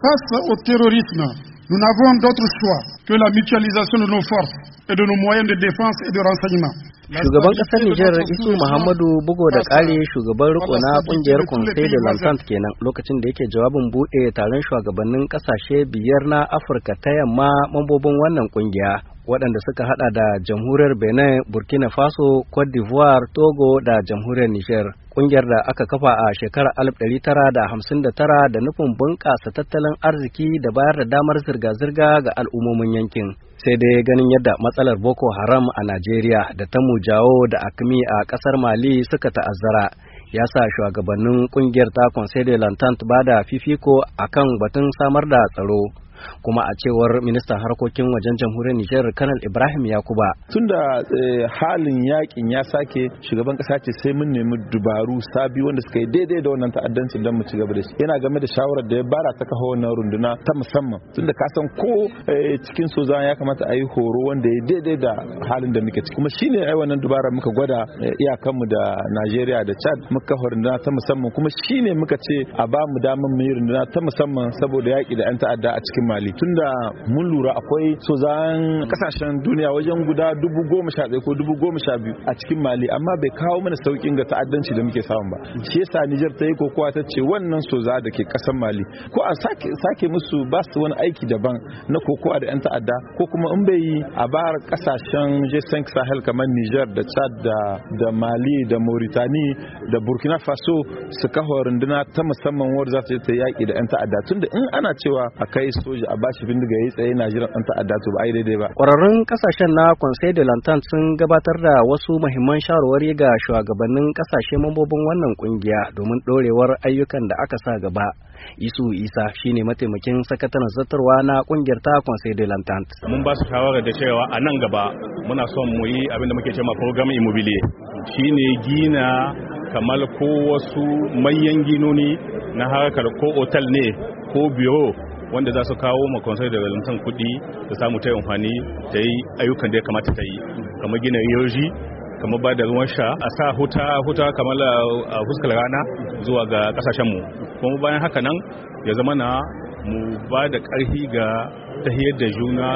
Face au terrorisme, nous n'avons d'autre choix que la mutualisation de nos forces et de nos moyens de défense et de renseignement. Shugaban ƙasar Nijar Isu Muhammadu bugo da ƙari shugaban riko na kungiyar Conseil de l'Entente kenan lokacin da yake jawabin buɗe taron shugabannin ƙasashe biyar na Afirka ta yamma mambobin wannan ƙungiya. waɗanda suka hada da jamhuriyar Benin, Burkina Faso, Cote d'Ivoire, Togo da jamhuriyar Nijar. Ƙungiyar da aka kafa a shekarar tara da hamsin da da tara nufin bunƙasa tattalin arziki da bayar da damar zirga-zirga ga al'ummomin yankin. Sai dai ganin yadda matsalar Boko Haram a Najeriya da ta Mujawo da Akmi a ƙasar Mali suka ta'azzara. ya sa shugabannin kungiyar ta conseil de l'entente ba da fifiko akan batun samar da tsaro kuma a cewar ministan harkokin wajen jamhuriyar Nijar Kanal Ibrahim Yakuba tunda eh, halin yakin ya sake shugaban kasa ce sai mun nemi dubaru sabi wanda suka yi daidai da wannan ta'addanci don mu ci gaba da shi yana game da shawarar da ya bara ta kafa wannan runduna ta musamman tunda ka san ko eh, cikin sojan ya kamata a yi horo wanda ya daidai da halin da muke ciki kuma shine ai wannan dubara muka gwada eh, iyakanmu da Najeriya da Chad muka runduna ta musamman kuma shine muka ce a ba mu damar mu yi runduna ta musamman saboda yaki da 'yan ta'adda a cikin mali tunda mun lura akwai sozan kasashen duniya wajen guda dubu goma sha ko dubu goma sha biyu a cikin mali amma bai kawo mana saukin ga ta'addanci da muke samu ba shi yasa Nijar ta yi kokowa ta ce wannan soza da ke kasan mali ko a sake musu ba su wani aiki daban na kokowa da 'yan ta'adda ko kuma in bai yi a bar kasashen je 5 Sahel kamar Nijar da Chad da da Mali da Mauritani da Burkina Faso su kafa runduna ta musamman wadda za ta yi yaƙi da 'yan ta'adda tunda in ana cewa a kai so. soja a bashi bindiga yayi tsaye na jiran dan ta'adda to ba ai daidai ba kwararrun kasashen na Conseil de l'Entente sun gabatar da wasu muhimman shawarwari ga shugabannin kasashe mambobin wannan kungiya domin dorewar ayyukan da aka sa gaba Isu Isa shine mataimakin sakataren zartarwa na kungiyar ta Conseil de l'Entente mun ba su shawara da cewa a nan gaba muna son mu yi abin da muke cewa program immobilier shine gina kamar ko wasu manyan ginoni na harkar ko otal ne ko biro. wanda za su kawo ma konsai da kan kuɗi da samu ta amfani ta yi ayyukan da ya kamata ta yi kamar gina yoji kamar ba da ruwan sha a sa huta huta kamar ah, a fuskar rana zuwa ga kasashenmu kuma bayan haka nan ya zama na mu ba da ƙarfi ga hiyar da juna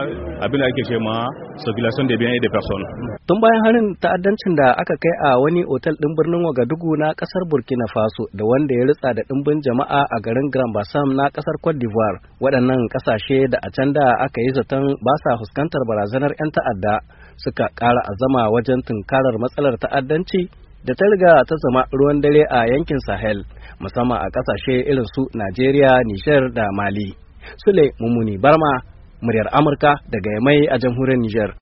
abin da ake ce ma circulation da biyan da person. Tun bayan harin ta'addancin da aka kai a wani otal ɗin birnin Wagadugu na ƙasar Burkina Faso da wanda ya ritsa da ɗimbin jama'a a garin Grand Bassam na ƙasar Cote d'Ivoire waɗannan ƙasashe da a can da aka yi zaton ba sa fuskantar barazanar 'yan ta'adda suka ƙara azama wajen tunkarar matsalar ta'addanci da ta riga ta zama ruwan dare a yankin Sahel, musamman a kasashe irin su Najeriya, Nijar da Mali. Sule Mumuni Barma, muryar Amurka daga Yamai a jamhuriyar Nijar.